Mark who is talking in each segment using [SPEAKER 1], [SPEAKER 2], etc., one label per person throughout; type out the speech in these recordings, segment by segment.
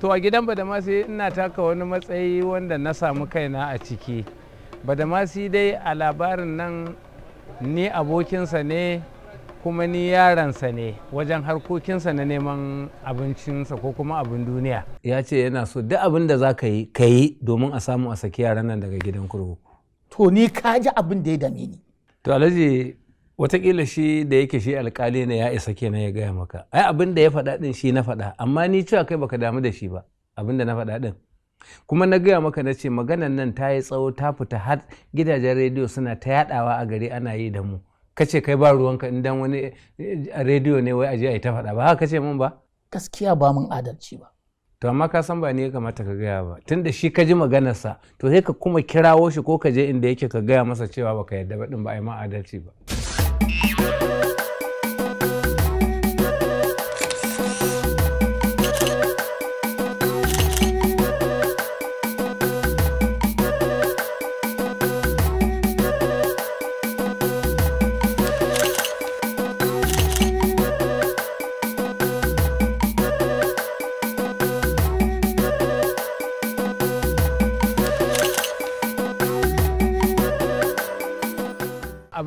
[SPEAKER 1] to a gidan badamasi ina taka wani matsayi wanda na samu kaina a ciki badamasi dai a labarin nan ni abokinsa ne kuma ni yaransa ne wajen harkokinsa na neman abincinsa ko kuma abin duniya ya ce yana so duk abin da za ka yi domin a samu a saki yaran nan daga gidan kurkuku
[SPEAKER 2] to ni ka ji abin da ya dame ni
[SPEAKER 1] to alhaji watakila shi da yake shi alkali ne ya isa kenan ya gaya maka ai abin da ya faɗa ɗin shi na faɗa amma ni cewa kai baka damu da shi ba abin da na faɗa ɗin kuma na gaya maka na ce maganan nan ta yi tsawo ta fita har gidajen rediyo suna ta yaɗawa a gari ana yi da mu kace kai ba ruwanka idan wani eh, rediyo ne wai aje a yi ta faɗa ba haka kace mun ba gaskiya ba mun adalci ba to amma ka san ba ne ya kamata ka gaya ba tunda shi ka ji maganarsa to sai ka kuma kirawo shi ko ka je inda yake ka gaya masa cewa baka yarda ba din ba ai ma adalci ba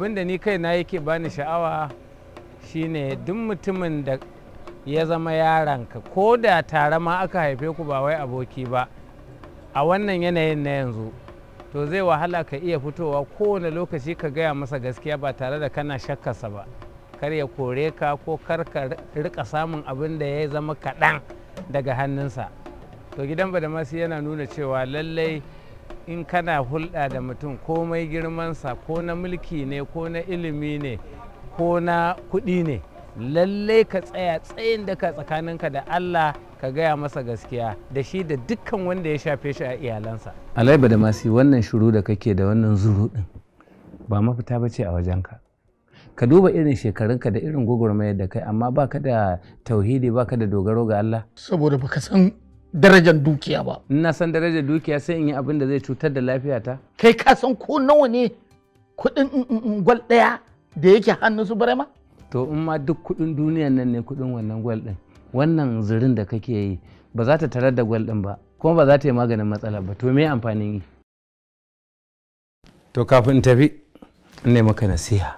[SPEAKER 1] abin da ni kai na yake bani sha'awa shine duk mutumin da ya zama yaranka ko da tare ma aka haife ku ba wai aboki ba a wannan yanayin na yanzu to zai wahala ka iya fitowa kowane lokaci ka gaya masa gaskiya ba tare da kana shakkarsa ba kar ya kore ka ko kar ka rika samun abin da ya zama kaɗan daga hannunsa to gidan badamasi yana nuna cewa lallai in kana hulɗa da mutum komai girmansa ko na mulki ne ko na ilimi ne ko na kuɗi ne lallai ka tsaya tsayin daka ka da Allah ka gaya masa gaskiya da shi da dukkan wanda ya shafe shi a iyalansa. Alaiba da masu wannan shuru da kake da wannan zuru ɗin ba mafita ba ce a wajenka. Ka duba irin shekarunka da irin gwagwarmayar da kai amma ba ka da tauhidi ba ka da dogaro ga Allah. Saboda baka san darajar dukiya ba ina san darajar dukiya sai in yi abin da zai cutar da lafiyata kai ka san ko nawa ne kuɗin mm, mm, mm, gwal ɗaya da yake hannun su barema to in ma duk kuɗin duniyan nan ne kuɗin wannan gwal ɗin wannan zirin da kake yi ba za ta tarar da gwal ɗin ba kuma ba za ta yi maganin matsala ba to me amfanin yi to kafin tafi nemi maka nasiha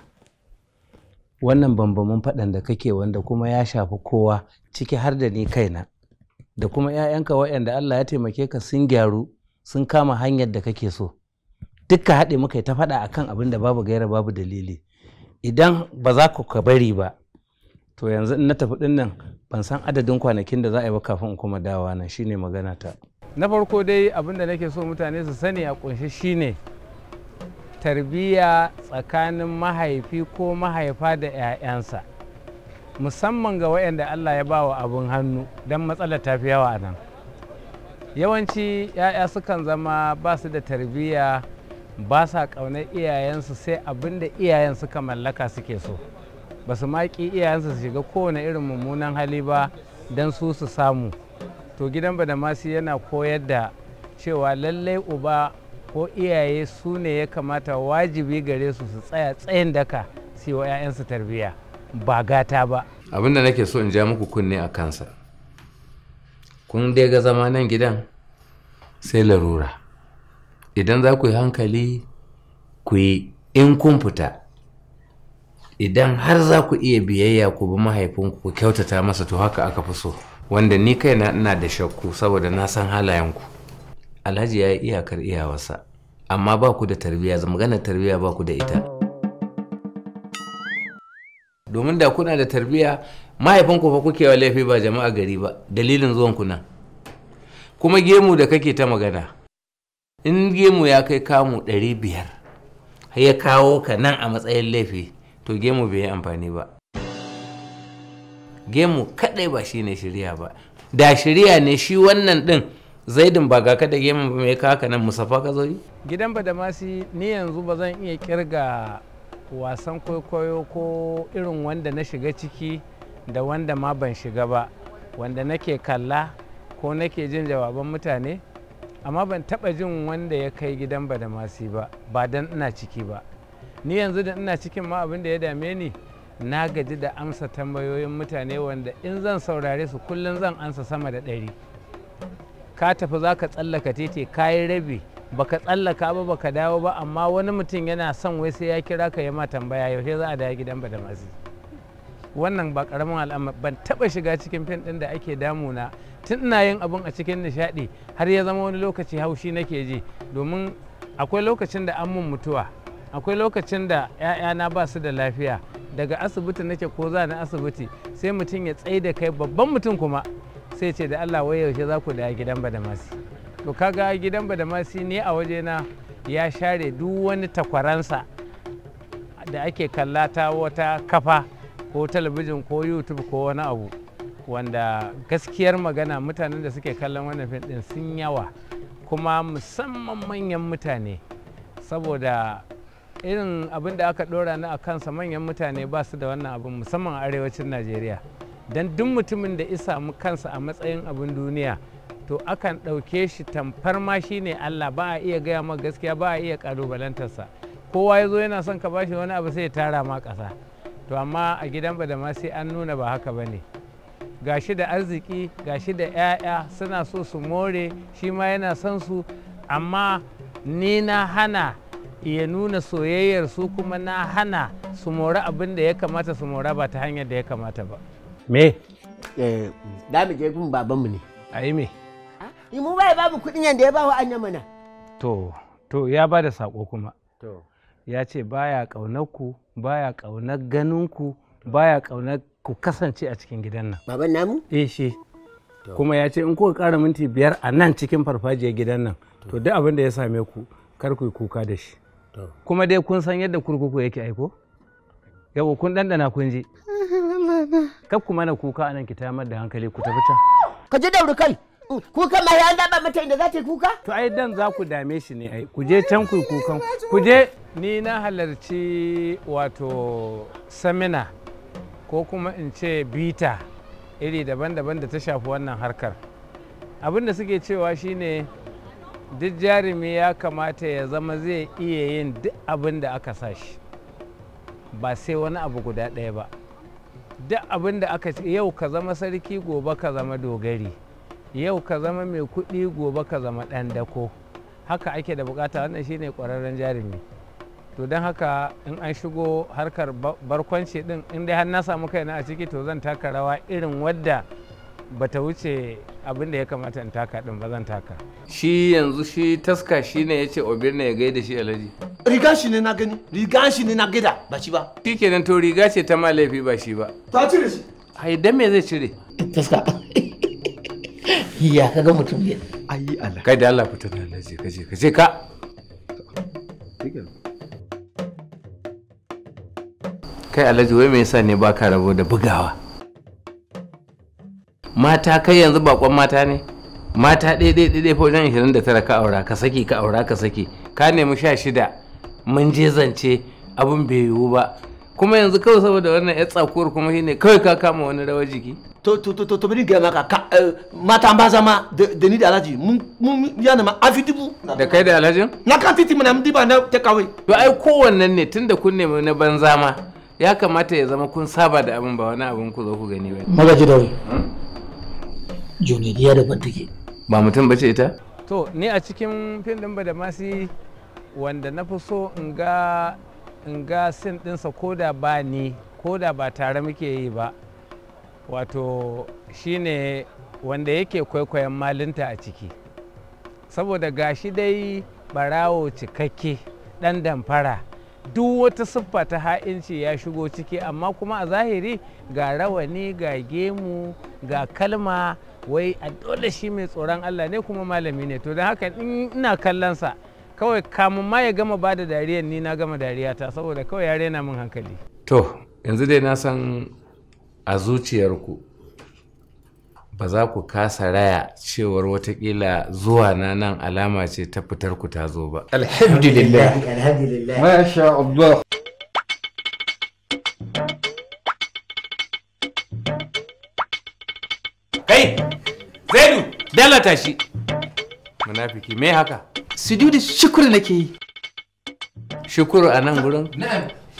[SPEAKER 1] wannan bambamin faɗan da kake wanda kuma ya shafi kowa ciki har da ni kaina da kuma 'ya'yanka waɗanda Allah ya taimake ka sun gyaru sun kama hanyar da kake so dukka haɗe muka ta faɗa a kan abin da babu gaira babu dalili idan ba za ku ka bari ba to yanzu in na tafi ɗin nan ban san adadin kwanakin da za a yi ba kafin in kuma dawa nan shine magana ta na farko dai abin da nake so mutane su sani a ƙunshi shine tarbiyya tsakanin mahaifi ko mahaifa da 'ya'yansa musamman ga wayanda Allah ya bawa abun hannu don matsalar ta fi yawa nan yawanci 'ya'ya sukan zama ba su da tarbiyya ba sa ƙaunar iyayensu sai abin da iyayen suka mallaka suke so ba su maƙi iyayensu su shiga kowane irin mummunan hali ba don su su samu to gidan badamasi yana koyar da cewa lallai uba ko iyaye su ne ya kamata wajibi gare su su tsaya tsayin daka su yi wa 'ya'yansu tarbiyya ba gata ba abinda nake so in ja muku kunne a kansa kun dai ga zama nan gidan sai larura idan za ku yi hankali ku yi in kun fita idan har za ku iya biyayya ku bi mahaifinku ku kyautata masa to haka aka fi so wanda ni kaina ina da shakku saboda na san halayenku alhaji ya yi iyakar iyawarsa amma ba ku da tarbiyya magana tarbiyya ba ku da ita domin da kuna da tarbiyya mahaifinku fa kuke wa laifi ba jama'a gari ba dalilin zuwan ku nan kuma gemu da kake ta magana in gemu ya kai kamu ɗari biyar ya kawo ka nan a matsayin laifi to gemu bai yi amfani ba gemu kaɗai ba shi ne shirya ba da shirya ne shi wannan din zaidin ba ga kada gemu ba mai kaka nan musafa ka zo yi gidan ba da masi ni yanzu ba zan iya kirga wasan kwaikwayo ko irin wanda na shiga ciki da wanda ma ban shiga ba wanda nake kalla ko nake jin jawaban mutane amma ban taba jin wanda ya kai gidan ba da masu ba ba dan ina ciki ba ni yanzu da ina cikin ma abin da ya dame ni na gaji da amsa tambayoyin mutane wanda in zan saurare su kullum zan amsa sama da ɗari ka tafi za ka tsallaka titi ka yi rabi baka tsallaka ba baka dawo ba amma wani mutum yana son wai sai ya kira ka ma tambaya yaushe za a dawo gidan ba da mazi wannan ba karamin al'amma ban taba shiga cikin fim din da ake damu na tun ina yin abun a cikin nishadi har ya zama wani lokaci haushi nake ji domin akwai lokacin da an mun mutuwa akwai lokacin da 'ya'yana ba su da lafiya daga asibiti nake ko za na asibiti sai mutum ya tsaye da kai babban mutum kuma sai ce da allah wai yaushe za ku dawo gidan ba da badamasi to kaga gidan badamasi ne a wajena ya share duk wani takwaransa da ake kalla ta wata kafa ko talabijin ko youtube ko wani abu wanda gaskiyar magana mutanen da suke kallon wannan fim din sun yawa kuma musamman manyan mutane saboda irin abin da aka dora ni a kansa manyan mutane ba su da wannan abin musamman a arewacin najeriya don duk mutumin da isa mu kansa a matsayin abin duniya to akan ɗauke shi tamfar ma shi ne Allah ba a iya gaya ma gaskiya ba a iya ƙalubalantarsa kowa ya zo yana son ka bashi wani abu sai ya tara ma ƙasa to amma a gidan ba da ma sai an nuna ba haka ba ne ga shi da arziki ga shi da 'ya'ya suna so su more shi ma yana son su amma ni na hana ya nuna soyayyar su kuma na hana su mora abin da ya kamata su mora ba ta hanyar da ya kamata ba me eh da mu je gun babanmu ne a me
[SPEAKER 3] yi mu babu kuɗin yadda ya ba wa mana
[SPEAKER 1] to to ya ba da sako kuma to ya ce baya ƙaunar ku baya ƙaunar ganin ku baya ƙaunar ku kasance a cikin gidan nan baban namu eh shi kuma ya ce in kuka ƙara minti biyar a nan cikin farfajiyar gidan nan to duk abin da ya same ku kar ku yi kuka da shi kuma dai kun san yadda kurkuku yake aiko yau kun ɗanɗana kun je kar ku mana kuka anan ki tamar da hankali ku tafi can ka ji dauri kai Mm. kuka ma ya zaba mata inda za ta yi kuka to ai dan za ku dame shi ne ai ku je can ku kukan ku je ni na halarci wato samina ko kuma in ce bita iri daban-daban da ta shafi wannan harkar abin da suke cewa shine duk jarumi ya kamata ya zama zai iya yin duk abin da aka sa shi ba sai wani abu guda ɗaya ba duk abin da aka yau ka zama sarki gobe ka zama dogari yau ka zama mai kuɗi gobe ka zama ɗan dako haka ake da bukata wannan shine ƙwararren jarumi to don haka in an shigo harkar barkwanci din in dai har na samu kaina a ciki to zan taka rawa irin wadda bata wuce abin da ya kamata in taka din ba zan taka shi yanzu shi taska shi ne ya ce obir ne ya gaida shi alhaji riga shi ne na gani riga shi ne na gaida ba shi ba shi kenan to riga ce ta ma laifi ba shi ba ta cire shi ai me zai cire taska ya kaga mutum ne ayi Allah kai da Allah fita nan Allah ka je ka je ka kai alhaji wai me yasa ne baka rabo da bugawa mata kai yanzu bakon mata ne mata ɗaya-ɗaya fa wajen ishirin da tara ka aura ka saki ka aura ka saki ka nemi sha shida mun je zance abin bai yiwu ba kuma yanzu kawai saboda wannan ya tsakuwar kuma shi ne kawai ka kama wani rawar jiki to to to to to bari ga maka eh, mata ba zama da ni da alhaji mun ya na ma afi dubu da kai da alhaji na kan titi mun diba na ta kawai to ai kowannen ne tunda kun ne na banza ma ya kamata ya zama kun saba da abin ba wani abin ku zo ku gani ba magaji dauri hmm? juniya da ban take ba mutum bace ita to ni a cikin fim din ba da masi wanda na fi so in ga in ga sin ɗinsa da ba ni da ba tare muke yi ba wato shine wanda yake kwaikwayon malinta a ciki saboda gashi dai barawo cikakke ɗan damfara duk wata siffa ta ha'inci ya shigo ciki amma kuma a zahiri ga rawani ga gemu ga kalma wai a dole shi mai tsoron allah ne kuma malami ne to don haka ina kallonsa kawai kamun ma ya gama ba da dariyar ni na gama dariyata saboda kawai ya rena min hankali to yanzu dai na san a zuciyarku ba za ku kasa raya cewar watakila zuwa na nan alama ce ta fitar ku ta zo ba alhamdulillah
[SPEAKER 2] kai dalata
[SPEAKER 1] munafiki me haka sujudi shukur nake yi shukuru a nan gurin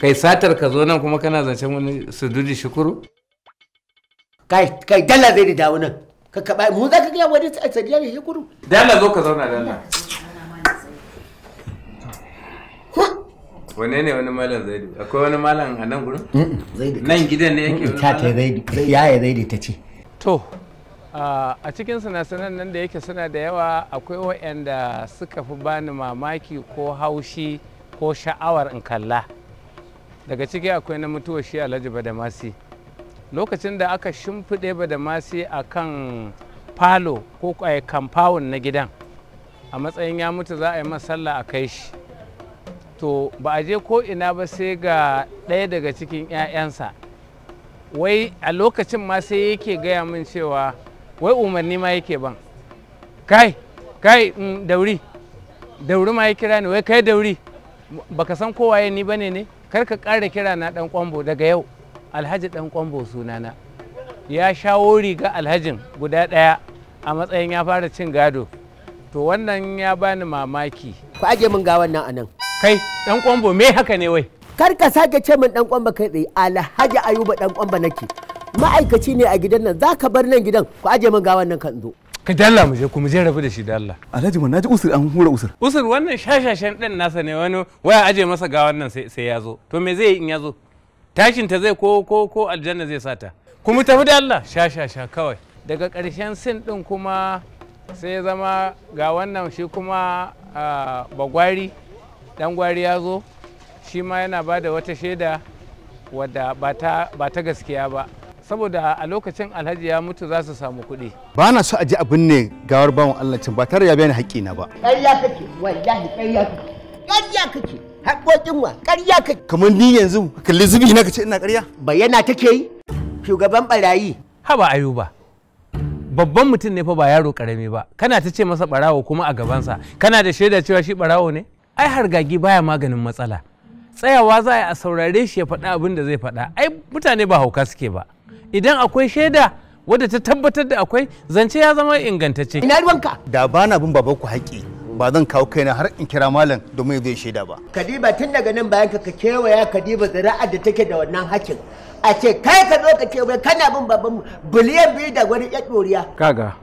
[SPEAKER 1] kai satar ka zo nan kuma kana zancen wani sujudi shukuru
[SPEAKER 3] kai kai dalla zai da dawo nan ka kaba mu za ka ga wani sadiya ne shukuru
[SPEAKER 1] dalla zo ka zauna dalla wane ne wani malam zaidu akwai wani malam a nan gurin nan gidan ne yake ta ta
[SPEAKER 3] zaidu ya ya zaidu ta ce
[SPEAKER 1] to a cikin sinasanan nan da yake suna da yawa akwai waɗanda suka fi bani mamaki ko haushi ko sha'awar in kalla daga ciki akwai na mutuwa shi alhaji badamasi lokacin da aka shimfiɗe badamasi a kan falo ko kamfawun eh, na gidan a matsayin ya mutu za a yi masalla a kai shi to ba a je ko ina ba sai ga ɗaya daga cikin 'ya'yansa wai a lokacin ma sai yake gaya min cewa wai umarni ma yake ban kai kai mm, dauri dauri ma ya kira ni wai kai dauri baka san kowaye ni bane ne kar ka ƙara kira na dan kwambo daga yau alhaji dan kwambo sunana ya shawo riga alhajin guda ɗaya a matsayin ya fara cin gado to wannan ya bani mamaki ku aje min ga wannan anan kai dan kwambo me haka ne wai
[SPEAKER 3] kar ka sake ce min dan kwamba kai tsaye alhaji ayuba dan kwamba nake ma'aikaci ne a gidan nan za ka bar nan gidan ku aje man gawan nan kan zo
[SPEAKER 1] ka Allah mu je ku mu je rabu da shi da Allah. alhaji mun naji usur an hura usur usur wannan shashashen din nasa ne wani waya aje masa gawan nan sai ya zo to me zai yi in ya zo tashin ta zai ko ko ko aljanna zai sata ku mu tafi da Allah shashasha kawai daga ƙarshen sin din kuma sai zama ga wannan shi kuma bagwari dan gwari ya zo shi ma yana ba da wata shaida wadda ba ta gaskiya ba saboda a lokacin alhaji ya mutu za su samu kuɗi.
[SPEAKER 3] ba na so a ji abin ne gawar bawan allah cin ba tare ya bayani na ba ƙarya kake wallahi ƙarya kake ƙarya kake haƙoƙin wa ƙarya kake kamar ni yanzu kalli zubi na kace ina ƙarya bayyana take yi
[SPEAKER 1] shugaban barayi haba ayuba babban mutum ne fa ba yaro karami ba kana ta ce masa barawo kuma a gabansa kana da shaida cewa shi barawo ne ai hargagi baya maganin matsala tsayawa za a saurare shi ya faɗa abin da zai faɗa ai mutane ba hauka suke ba idan akwai shaida wadda ta tabbatar da akwai zance ya zama ingantacce ina ruwanka da ba na bin baban ku haƙi ba zan kawo kaina har in kira malam domin zai shaida ba
[SPEAKER 3] kadiba tun daga nan bayan ka kewaya kadiba zira'ar da take da wannan haƙin a ce kai ka zo ka kana bin babanmu biliyan biyu da wani ya ɗoriya
[SPEAKER 1] kaga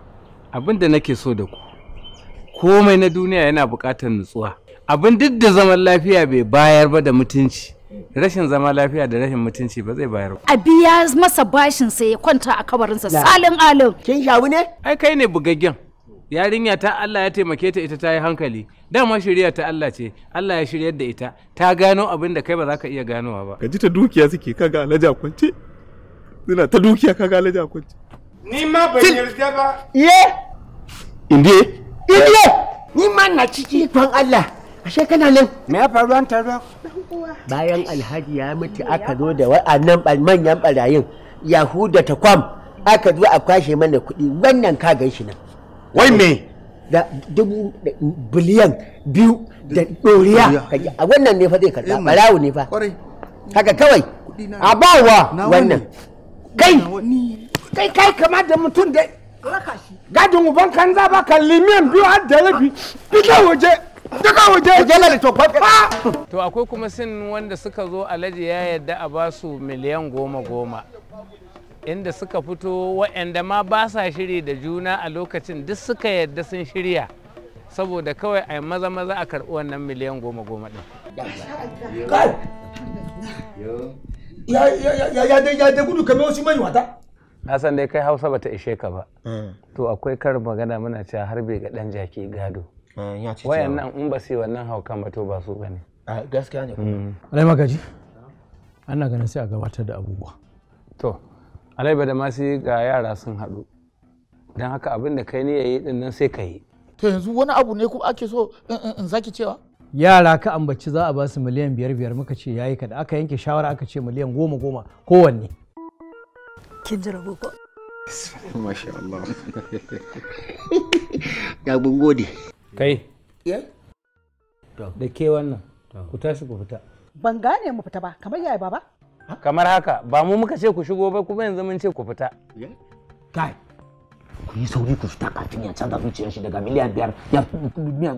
[SPEAKER 1] abin da nake so da ku komai na duniya yana buƙatar nutsuwa abin duk da zaman lafiya bai bayar ba da mutunci rashin zama lafiya da rashin mutunci ba zai bayar
[SPEAKER 3] a biya masa bashin sai ya kwanta a kabarinsa salin alim kin shabu ne ai kai
[SPEAKER 1] ne bugaggen yarinya ta Allah ya taimake ta ita ta yi hankali dama shirya ta Allah ce Allah ya shiryar da ita ta gano abin da kai ba za ka iya ganowa ba ji ta dukiya suke kaga alaja kwance suna ta dukiya kaga alaja kwance ni ma ban yarda ba iye
[SPEAKER 3] inde inde ni ma na ciki don Allah ashe kana nan me ya faru an taruwa bayan alhaji ya mutu aka zo da wa'annan manyan barayin yahuda ta kwam aka zo a kwashe mana kuɗi wannan ka gan shi nan wai me da dubu biliyan biyu da ɗoriya a wannan ne fa zai karɓa barawo eh, ne fa haka kawai
[SPEAKER 1] a bawa wannan
[SPEAKER 3] kai kai kai kama da mutum da gadin uban kan za ba ka limiyan biyu har da rabi fita waje Daga waje yana da kyau
[SPEAKER 1] To akwai kuma sin wanda suka zo alhaji ya yadda a ba su miliyan goma goma. Inda suka fito wa'anda ma ba sa shiri da juna a lokacin duk suka yadda sun shirya. Saboda kawai a maza maza a karɓi wannan miliyan goma goma ɗin.
[SPEAKER 3] Ya dai gudu kamar wasu manyuwata.
[SPEAKER 1] na san dai kai hausa bata ishe ka ba eh. to akwai karin magana muna cewa bai ga ɗan jaki gado Eh, wayan nan in ba su wannan haukan ba to ba su a gaskiya ne mm. alai magaji ana ganin sai a gabatar da abubuwa to alai ba da ma sai ga yara sun haɗu don haka abin da kai ne yayi yi dinnan sai ka yi
[SPEAKER 2] to yanzu wani abu ne kuma ake so in zaki cewa
[SPEAKER 3] yara ka ambaci za a ba su miliyan biyar biyar muka ce yayi kada aka yanke shawara aka ce miliyan goma goma kowanne kin ji rabo ko
[SPEAKER 1] masha Allah ga gode kai eh? da ke wannan ku tashi ku fita
[SPEAKER 3] ban gane mu fita ba kamar yaya baba
[SPEAKER 1] kamar haka ba mu muka ce ku shigo ba kuma yanzu mun ce ku fita eh? kai
[SPEAKER 3] ku yi sauri ku fita kafin ya canza zuciyar shi daga miliyan biyar ya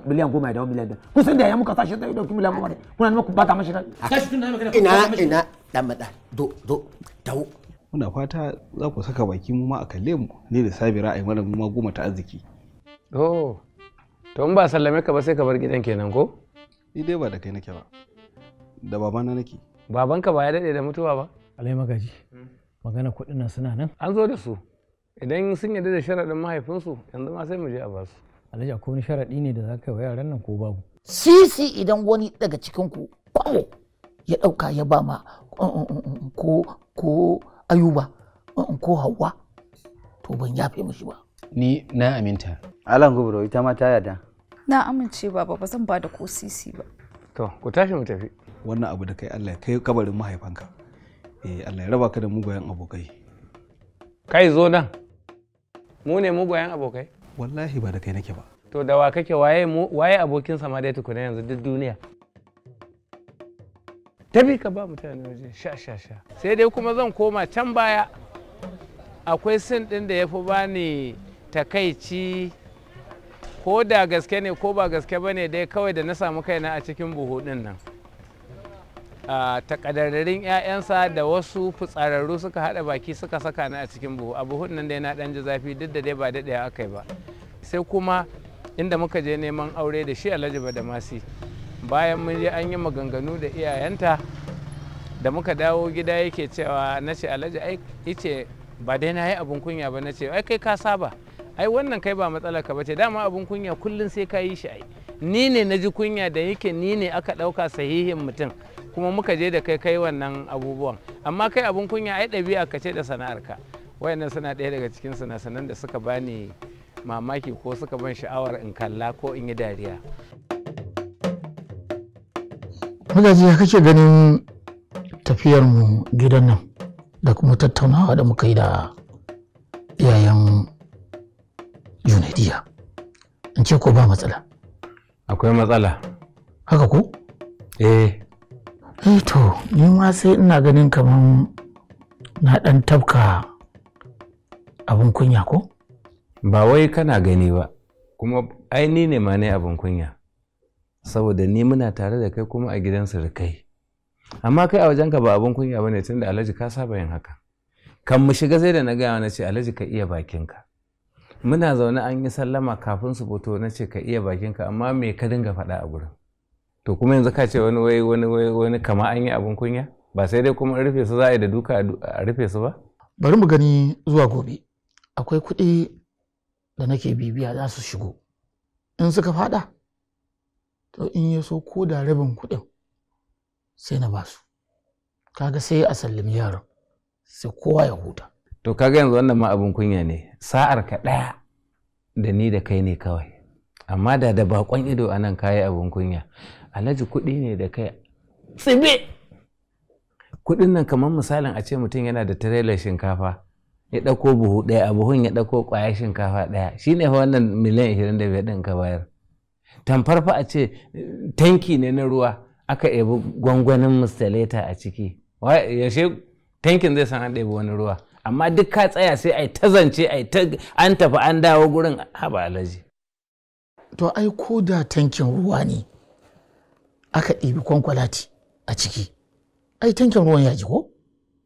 [SPEAKER 3] miliyan goma ya dawo miliyan biyar ku san da ya muka sashi zai dauki miliyan goma ne kuna nema ku baka mashi rai ina ina dan mada do do dawo muna
[SPEAKER 2] fata za ku saka baki mu ma a kalle mu ne da sabira a yi mana mu ma goma ta arziki
[SPEAKER 1] oh to in ba sallame ka ba sai ka bar gidan kenan ko ni dai ba da kai nake ba da babana nake babanka ba ya daɗe da mutuwa ba alai magaji magana kuɗin nan suna nan an zo da su idan sun yarda da sharaɗin mahaifinsu yanzu ma sai mu je a ba su
[SPEAKER 2] Alai akwai ni sharaɗi ne da za ka yi wa yaran nan ko babu sisi idan wani daga cikin ku ya ɗauka ya ba ma uh, uh, uh, ko ko ayuba ko hawa to ban yafe mishi ba
[SPEAKER 3] Ni na aminta. Alan Gubro ita ma ta yarda.
[SPEAKER 2] Na amince baba ba zan ba da ko sisi ba.
[SPEAKER 3] To ku tashi mu
[SPEAKER 1] tafi. Wannan abu da kai Allah kai kabarin mahaifanka. Eh Allah ya raba ka da mugayen abokai. Kai zo nan. Mu ne mugayen abokai? Wallahi ba da kai nake ba. To da wa kake waye waye abokin sama dai tukuna yanzu duk duniya. Tabi ka ba mutane waje sha sha sha. Sai dai kuma zan koma can baya. Akwai sin din da ya fi bani takaici ko da gaske ne ko ba gaske ba ne dai kawai da na samu kaina a cikin buhu ɗin nan takadarrarin 'ya'yansa da wasu fitsararru suka haɗa baki suka saka ni a cikin buhu a buhun nan dai na ɗan ji zafi duk da dai ba daɗaya aka yi ba sai kuma inda muka je neman aure da shi alhaji masi bayan mun je an yi maganganu da iyayenta da muka dawo gida yake cewa na ce alhaji ai ice ba dai na yi abin kunya ba na ce ai kai ka saba ai wannan kai ba matsala ka bace dama abun kunya kullun sai ka yi shi ai ni ne na ji kunya da yake ni ne aka ɗauka sahihin mutum kuma muka je da kai kai wannan abubuwan amma kai abun kunya ai ɗabi'a ka ce da sana'arka wayannan suna ɗaya daga cikin sanasanan da suka bani mamaki ko suka ban sha'awar in kalla ko in yi dariya
[SPEAKER 2] magaji ya kake ganin tafiyar mu gidan nan da kuma tattaunawa da muka yi da iyayen diya in ce ko ba matsala
[SPEAKER 1] akwai matsala haka ko eh
[SPEAKER 2] eh to ni ma sai ina ganin kaman na dan tabka abin kunya ko
[SPEAKER 1] ba wai kana gani ba kuma ai ni ne ma ne abin kunya saboda ni muna tare da kai kuma a gidan kai. amma kai a wajenka ba abin kunya bane tunda alhaji ka saba yin haka kan mu shiga sai da na gaya na ce alhaji ka iya bakinka muna zaune an yi sallama kafin su fito na ce ka iya bakinka amma me ka dinga faɗa a gurin to kuma yanzu ka ce wani wai wani wai wani kama an yi abin kunya ba sai dai kuma rufe su za a yi da duka a rufe su ba
[SPEAKER 2] bari mu gani zuwa gobe akwai kuɗi da nake bibiya za su shigo in suka faɗa to in ya so ko da rabin kuɗin sai na basu kaga sai a sallami yaron sai kowa ya
[SPEAKER 1] huta to kaga yanzu wannan ma abin kunya ne sa'ar ka ɗaya da ni da kai ne kawai amma da da bakon ido a nan kayi abin kunya alhaji kuɗi ne da kai tsibe kuɗin nan kamar misalin a ce mutum yana da tirelar shinkafa ya ɗauko buhu ɗaya a buhun ya ɗauko kwaya shinkafa ɗaya shine fa wannan miliyan ishirin da ɗin ka bayar tamfar fa a ce tanki ne na ruwa aka ebi gwangwanin mistaleta a ciki yaushe tankin zai san an ɗebi wani ruwa amma duk ka tsaya sai ai ta zance ai ta an tafi an dawo gurin haba alaji
[SPEAKER 2] to ai ko da tankin ruwa ne aka ɗibi kwankwalati a ciki ai tankin ruwan ya ji ko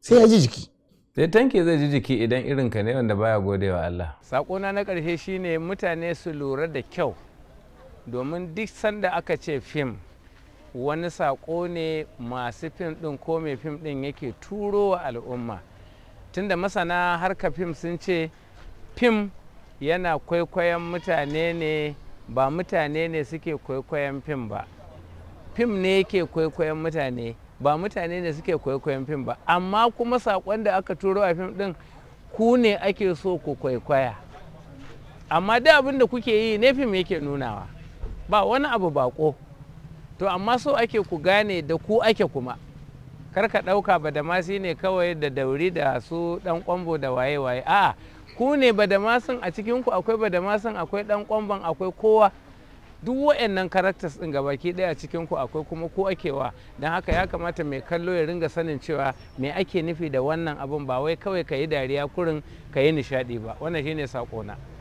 [SPEAKER 2] sai ya ji jiki
[SPEAKER 1] sai tanki zai ji jiki idan irin ka ne wanda baya godewa Allah sakona na ƙarshe shine mutane su lura da kyau domin duk sanda aka ce fim wani saƙo ne masu fim ɗin ko mai fim ɗin yake turo wa al'umma tunda masana harka fim sun ce fim yana kwaikwayon mutane ne ba mutane ne suke kwaikwayon fim ba fim ne yake kwaikwayon mutane ba mutane ne suke kwaikwayon fim ba amma kuma saƙon da aka turo a fim ɗin ku ne ake so ku kwaikwaya amma da abin da kuke yi ne fim yake nunawa ba wani abu baƙo to amma so ake ku gane da ku ake kuma kar ka ɗauka badamasi ne kawai da dauri da su ɗan ƙwambo da waye-waye a'a ku ne badamasin a cikinku akwai badamasin akwai ɗan ƙwamban akwai kowa duk waɗannan characters ɗin gabaki ɗaya a akwai kuma ko akewa don haka ya kamata mai kallo ya ringa sanin cewa me ake nufi da wannan abun ba wai kawai ka yi dariya kurin ka yi nishaɗi ba wannan shine saƙona.